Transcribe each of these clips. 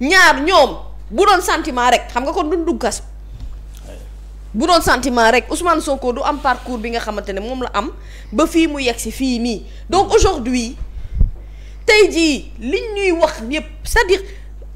ñaar ñoom bu doon santiment rek xam nga kon duñ dugg kaso bu doon santiment rek Ousmane Sonko du am parcours bi nga xamante ne moom la am ba fii mu yegg si fii nii donc aujourd'hui tey jii liñ ñuy wax yépp sa à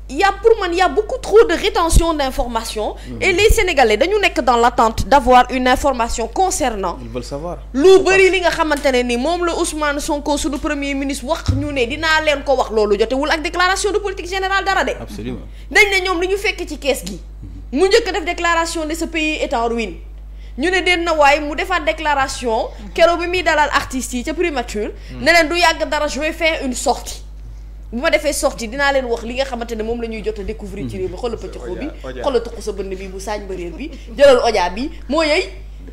il pour man il y a beaucoup trop de rétention d'informations mmh. et les Sénégalais dañu nekk dans l'attente d'avoir une information concernant ils veulent savoir lu bëri li nga xamante ne ni moom la Ousmane Sonko suñu premier ministre wax ñu ne dinaa leen ko wax loolu jotewul ak déclaration de politique générale dara de absolument dañ ne ñoom li ñu fekk ci kees gi mu njëkk def déclaration de sa pays est en ñu ne den na waaye mu defaat déclaration mhm. keroog bi muy dalal artistes yi ca primature mhm. du yàgg dara je vais faire bu ma defee sortie dinaa leen wax li nga xamante ne moom la ñuy jot a découvrir ci réew mi xoolal pëccëxoo bi xoolal tuq sa bënn bi bu saañ ba réer bi jëlal odia bi moo yey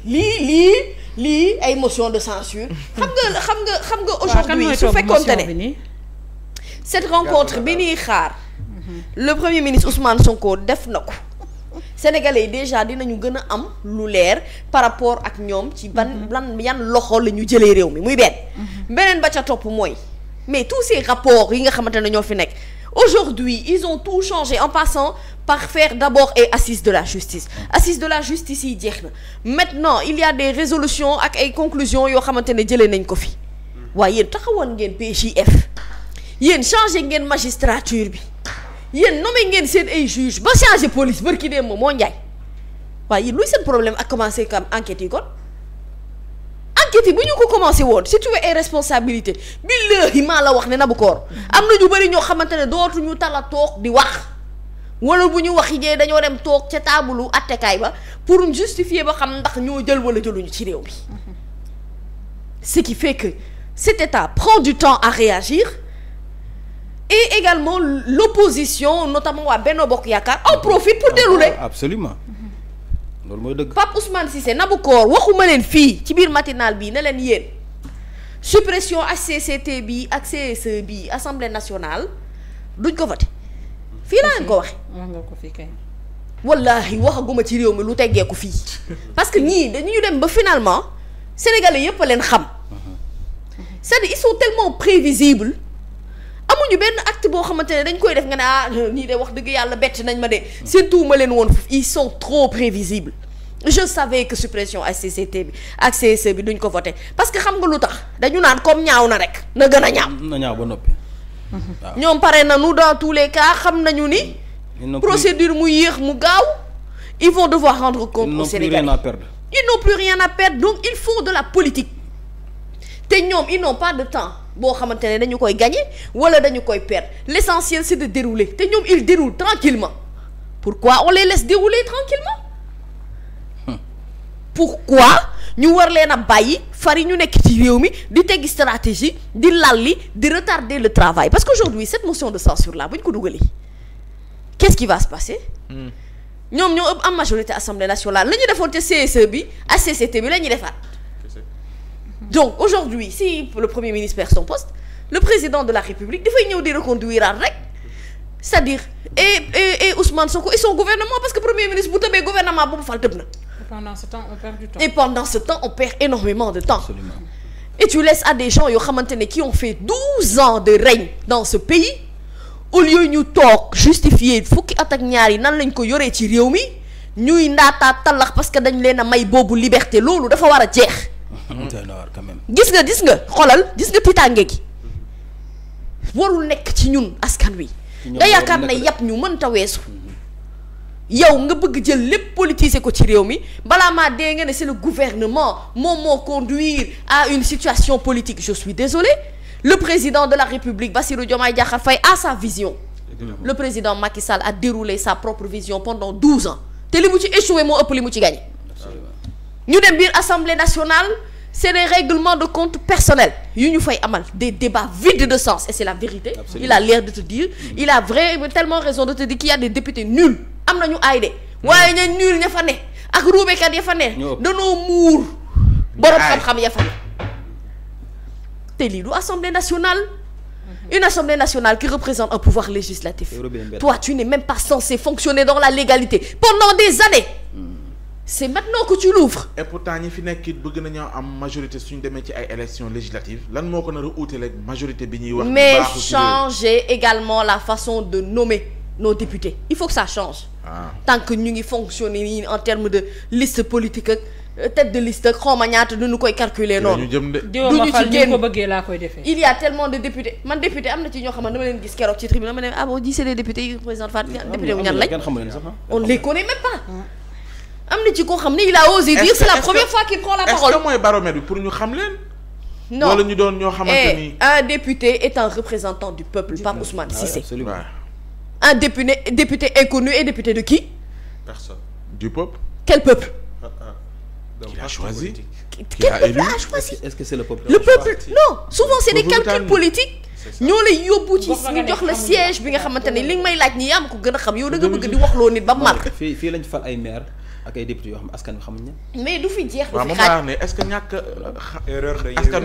lii lii lii ay motion de censure xam nga xam nga xam nga aujourd'hui su fekkoonte ne cette rencontre bi ñuy xaar mhm. le premier ministre Ousmane Sonko def na ko sénégalais yi déjà dinañu gën a am lu leer par rapport ak ñoom ci ban lan mhm. yan loxo la ñu jëlee réew mi muy benn mhm. beneen ba ca topp mooy mais tous ces rapports yi nga xamante ne ñoo fi nekk aujourd'hui ils ont tout changé en passant par faire d'abord et assise de la justice assise de la justice yi jeex na maintenant il y des résolutions ak ay conclusions yoo xamante ne jëlee nañ ko fi waaye yéen taxawoon ngeen PJF yéen changé ngeen magistrature bi yéen nommé ngeen seen ay juge ba changé police bërki dee moom moo njaay waaye yéen luy seen problème ak commencé kam enquête yi kon enquête bu ñu ko commencé woon si tu veux ay responsabilité billahi maa la wax ne Nabukor am na ñu bëri ñoo xamante ne dootuñu tala toog di wax wala bu ñu wax yee dañoo dem toog ca taabulu attekaay ba pour justifier ba xam ndax ñoo jël wala jëluñu ci réew bi ce qui fait que cet état prend du temps à réagir et également l'opposition notamment waa benn Bokk Yaakaar en profite pour ah dérouler absolument loolu mooy dëgg Pape Ousmane Cissé Nabou waxuma leen fii ci biir matinal bii ne leen yéen suppression HCCT bii ak CSE bii assemblée nationale duñ ko voté fii laa leen ko waxe wax nga ko fii kay wallaahi waxaguma ci réew mi lu teggeeku fii parce que ñii dañuy dem ba finalement sénégalais yëpp a leen xam c'est-à-dire ils sont amuñu benn acte boo xamante ne dañ koy def nga ne ah ñii de wax dëgg yàlla bett nañ ma de surtout ma leen woon ils sont trop prévisibles je savais que suppression HCCT bi ak CEC bi duñ ko voté parce que xam nga lu tax dañu naan comme ñaaw na rek na gën a ñaaw. na ba noppi. Mhm. ñoom pare nañu dans tous les cas xam nañu ni. procédure mu yéex mu gaaw ils vont devoir rendre compte aux Sénégalais. ils n'ont plus rien à perdre. donc il faut de la politique te ñoom ils n'ont pas de temps boo xamante ne dañu koy gagner wala dañu koy perdre l'essentiel c'est de dérouler te ñoom ils déroulent tranquillement pourquoi on les laisse pourquoi ñu war leen a bàyyi fari ñu nekk ci réew mi di teggi stratégie di lalli di retarder le travail parce que aujourd'hui cette motion de censure là bu ñu ko dugalee qu'est-ce qui va se passer hmm. ñoom ñoo ëpp am majorité assemblée nationale la ñu defoon ca CSE bi HCCT bi la ñuy defaat donc aujourd'hui si le premier ministre perd son poste le président de la république dafay ñëw di reconduire aat rek c'est-à-dire et et et Ousmane son gouvernement parce na pendant ce temps on perd du temps. et pendant ce temps yoo xamante ne qui ont fait douze ans de règne dans ce pays au lieu ñu toog justifier fukki at ak ñaar yi nan lañ ko yoree ci réew mi ñuy ndaataat tallax parce que dañ leen a may boobu liberté loolu dafa war a jeex. gis nga gis nga xoolal gis nga tiitaange gi warul nekk ci ñun askan wi. nga yaakaar ne yàpp ñu mënta weesu. yow nga bëgg jël lépp politiser ko ci réew mi balaa maa nga ne c'est le gouvernement moom moo conduire à une situation politique je suis désolé le président de la République Bassirou Diomaye Diakhar Faye a sa vision le président Macky Sall a déroulé sa propre vision pendant douze ans te li ci échoué moo ëpp li mu ci gagné ñu dem biir assemblée nationale c'est des règlements de compte personnels yu ñu fay amal des débats vides de sens et c'est la vérité Absolument. am nañu aay de waaye ña ñuul ña fa ne ak ruubekat ya fa ne danoo muur borom xam-xam ya fa ne te lii du assemblée nationale mm-hmm. une assemblée nationale qui représente un pouvoir législatif toi tu n'es même pas censé fonctionner dans la légalité pendant des années mm. c'est maintenant que tu l'ouvres et pourtant ñi fi nekk it bëgg nañoo am majorité suñu demee ci ay élections législatives lan moo ko nar a uutale majorité bi ñuy wax mais changer également la façon de nommer noo députés il faut que ça change. Ah. tant que ñu ngi fonctionner nii en terme de liste politique ak euh, tête de liste ak xawma ñaata nu ñu koy calculer noonu. du ñu ci génn ko bëggee laa koy defee. il y a tellement de députés man député am na ci ñoo xam ne dama leen gis keroog ci tribune dama ne ah bon c'est des députés yi président Fatou ah, député koo xam ne a osé mooy baromètre bi pour ñu xam leen. non wala ñoo xamante eh, ni. un député est un représentant du peuple Pape Ousmane ah Cissé. un député député inconnu et député de qui. personne peuple. quel peuple. ah ah donc qui a choisi. qui a élu est-ce que c'est le peuple. le peuple non souvent c'est des calculs politiques. ñoo lay yóbbu ci ñu jox la siège bi nga xamante ne li nga may laaj nii yaa ko gën a xam yow da bëgg di wax loo nit ba mu màgg. fii fii lañ fal ay maire ak ay député yoo xam ne askan wi xamuñ mais du fi jeex. du fi xaaj est ce que ñàkk euh, erreur de askan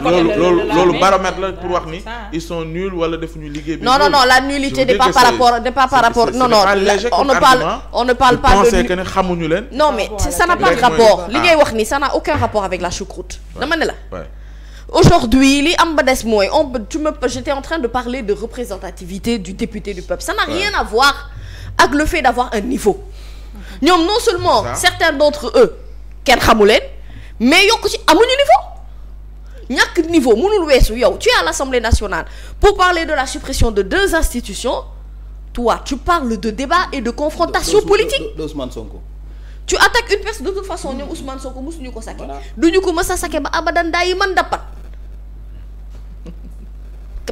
loolu baromètre la pour wax ni ils sont nuls wala defuñu liggéey bi. non non non la nullité n'est pas par rapport n'est pas par rapport non non on ne parle on ne parle pas de. que ne xamuñu leen. non mais ça n'a ah. wax ni ça n'a la aujourd'hui li am ba des j'étais en train de parler de représentativité du député du peuple ça n'a rien à voir ak le fait d'avoir ñoom non seulement certains d'entre eux kenn xamu leen mais yokk ci ñu niveau ñàkk niveau mënul weesu yow tu es à l'Assemblée nationale pour parler de la suppression de deux institutions toi tu parles de débat et de confrontation politique d'Ousmane Sonko tu attaques une perce de toute façon ñoom Ousmane Sonko mosuñu ko sake duñu ko mës a sake ba abadan daa man dappat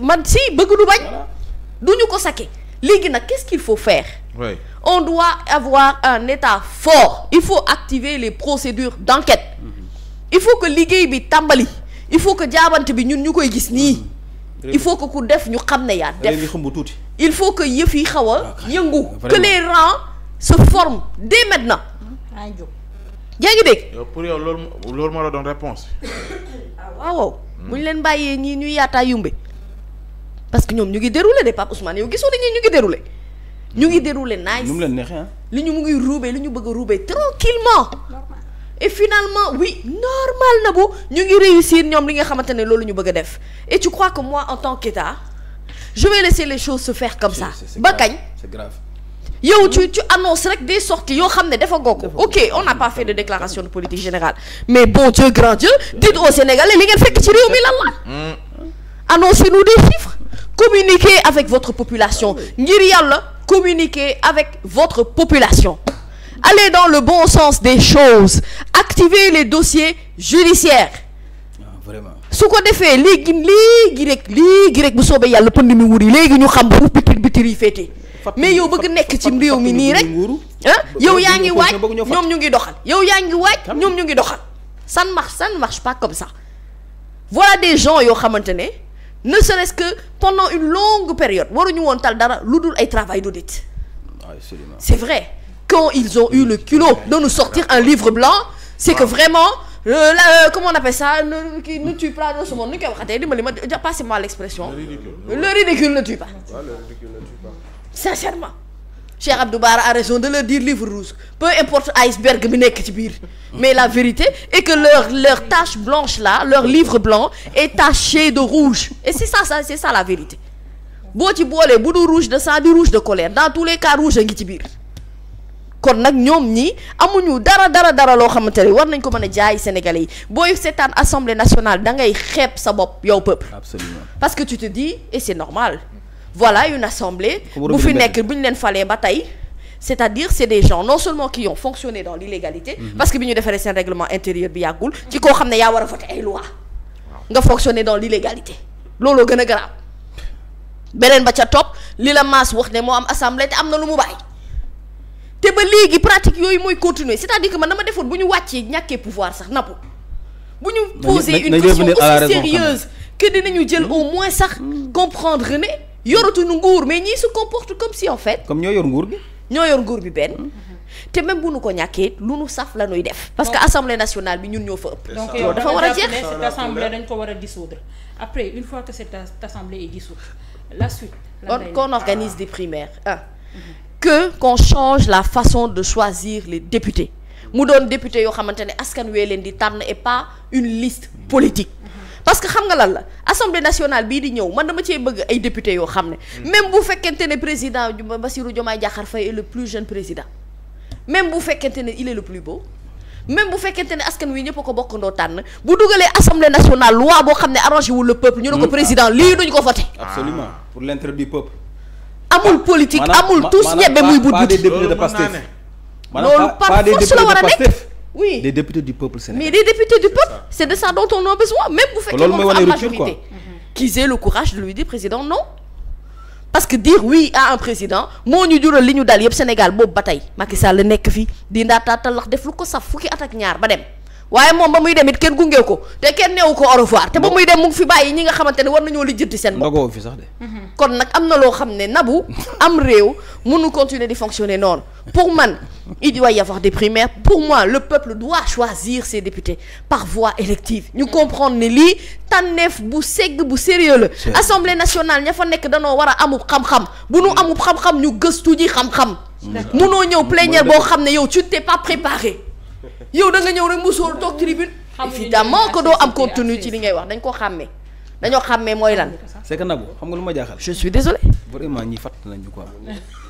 man si bëgg du bañ duñu ko sake léegi nag qu'est-ce qu'il faut faire oui. on doit avoir un état fort il faut activer les procédures d'enquête mm il faut que liggéey bi tàmbali il faut que jaabante bi ñun ñu koy gis nii mm-hmm. il faut que ku def ñu xam ne yaa def il faut que yëf yi xaw ah, yëngu ah, que les rangs se forment dès maintenant ngi dégg pour yow loolu moo la doon réponse ah waaw hmm. bu ñu leen bàyyee ñii ñuy yaataa yumbe parce que ñoom ñu ngi déroulé de Pape Ousmane yow gisoo nañu ñu ngi déroulé. ñu ngi déroulé nice li ñu mu ngi ruube li ñu bëgg a ruube tranquillement et finalement oui normal na bu ñu ngi réussir ñoom li nga xamante ne loolu ñu bëgg a def et tu que moi en tant qu'État je vais laisser les choses se faire comme ça ba kañ yow tu tu annonces des sorties yoo xam ne dafa gokk ok on n'a pas fait de déclaration de politique générale mais bon mi lan la annoncez-nous des chiffres communiquez avec votre population ah ngir yàlla communiquez avec votre population allez dans le bon sens des choses activez les dossiers judiciaires ah, vraiment su ko defee léegi léegi rek léegi rek bu soobee yàlla pënd mi wuri léegi ñu xam bu bitir bitir yi féete mais yow bëgg nekk ci réew mi nii rek ah yow yaa ngi waaj ñoom ñu ngi doxal yow yaa ngi waaj ñoom ñu ngi doxal ça ne marche ça ne marche pas comme ça voilà des gens yoo xamante ne ne serait-ce que pendant une longue période waruñu woon tal dara lu dul ay travail d'audit c'est vrai quand ils ont eu le culot de nous sortir un livre blanc c'est que vraiment euh, la, euh, comment on appelle ça ne kii ne tue pas dans ce monde nu ñu koy waxatee dimbali ma passez-moi l'expression le ridicule ne tue pas sincèrement Cheikh Abdou Bara a raison de leur dire livre rouge peu importe iceberg bi nekk ci biir mais la vérité est que leur leur tache blanche là leur livre blanc est taché de rouge et c'est ça c'est ça la vérité boo ci boolee bu du rouge de sang du rouge de colère dans tous les cas rouge a ngi ci biir kon nag ñoom nii amuñu dara dara dara loo xamante ne war nañ ko mën a jaay sénégalais yi booy seetaan assemblée nationale da ngay xeeb sa bopp yow peuple absolument parce que tu te dis et voilà une assemblée bu fi nekk bu ñu leen falee ba tey c'est-à-dire c'est des gens non seulement qui ont fonctionné dans l'illégalité mm -hmm. parce que bi ñu defaree seen règlement intérieur bi yàggul ci koo xam ne yaa war a voter ay loi nga fonctionner dans l'illégalité looloo gën a garaaw beneen ba ca topp li la maas wax ne moo am assemblée te am na lu mu bàyyi te ba léegi pratique yooyu mooy continuer c'est-à-dire que man dama defoon bu ñu wàccee ñàkkee pouvoir sax napp bu ñu poser une question aussi sérieuse que dinañu jël hmm. au moins sax hmm. comprendre ne yoratuñu nguur mais ñii se comporte comme si en fait. comme ñoo yor nguur gi. ñoo yor nguur bi benn. te même bu nu ko ñàkkee lu nu saf la nuy def. parce que assemblée nationale bi ñun ñoo fa ëpp. donc yow euh, dafa war a jeex cette assemblée ko war a dissoudre après une fois que cette assemblée est dissoute la suite. lan qu'on organise ah. des primaires ah. que qu'on change la façon de choisir les députés mu doon député yoo xamante ne askan wee leen di tànn et pas une liste politique. parce que xam nga lan la assemblée nationale bii di ñëw man dama cee bëgg ay député yoo xam ne. Mm. même bu fekkente ne président Bassirou Diomaye Diakhar Faye est le plus jeune président même bu fekkente ne il est le plus beau. même bu fekkente ne askan wi ñëpp a ko bokkandoo tànn bu dugalee assemblée nationale loi boo xam ne arrangé wul le peuple. ñu ne ko mm. président ah. lii duñ ko voté. absolument ah. pour l'intérêt amul politique amul tous ñebe muy. budd budd loolu par force la war a nekk. oui des députés du peuple sénégalais. mais des députés du peuple c'est de bu fekkee moom am majorité moo ñu jural li ñu dal yëpp Sénégal boobu ba tey Macky Sall la nekk fi di ndaataatal lax def lu ko saf fukki at ak ñaar ba dem waaye moom ba muy dem it kenn gunge ko te kenn neewu ko au revoir te ba muy dem mu ngi fi bàyyi ñi nga xamante ne war na lijjanti seen bopp. fi sax de. kon nag am na loo xam ne nabu am réew mënu continuer di fonctionner noonu. pour man il doit y avoir des primaires pour moi le peuple doit choisir ses députés par voie élective ñu comprendre ne lii tànneef bu segg bu sérieux la assemblée nationale ña fa nekk danoo war a amub xam-xam bu nu amub xam-xam ñu gëstu ji xam-xam munoo ñëw plénière boo xam ne yow tu t'es pas préparé yow da nga ñëw rek mosóor toog tribune évidemment que doo am contenu ci li ngay wax dañ ko xàmmee dañoo xàmmee mooy lan c'est que Nabou xam nga lu ma jaaxal je suis désolé ñi fàtt nañu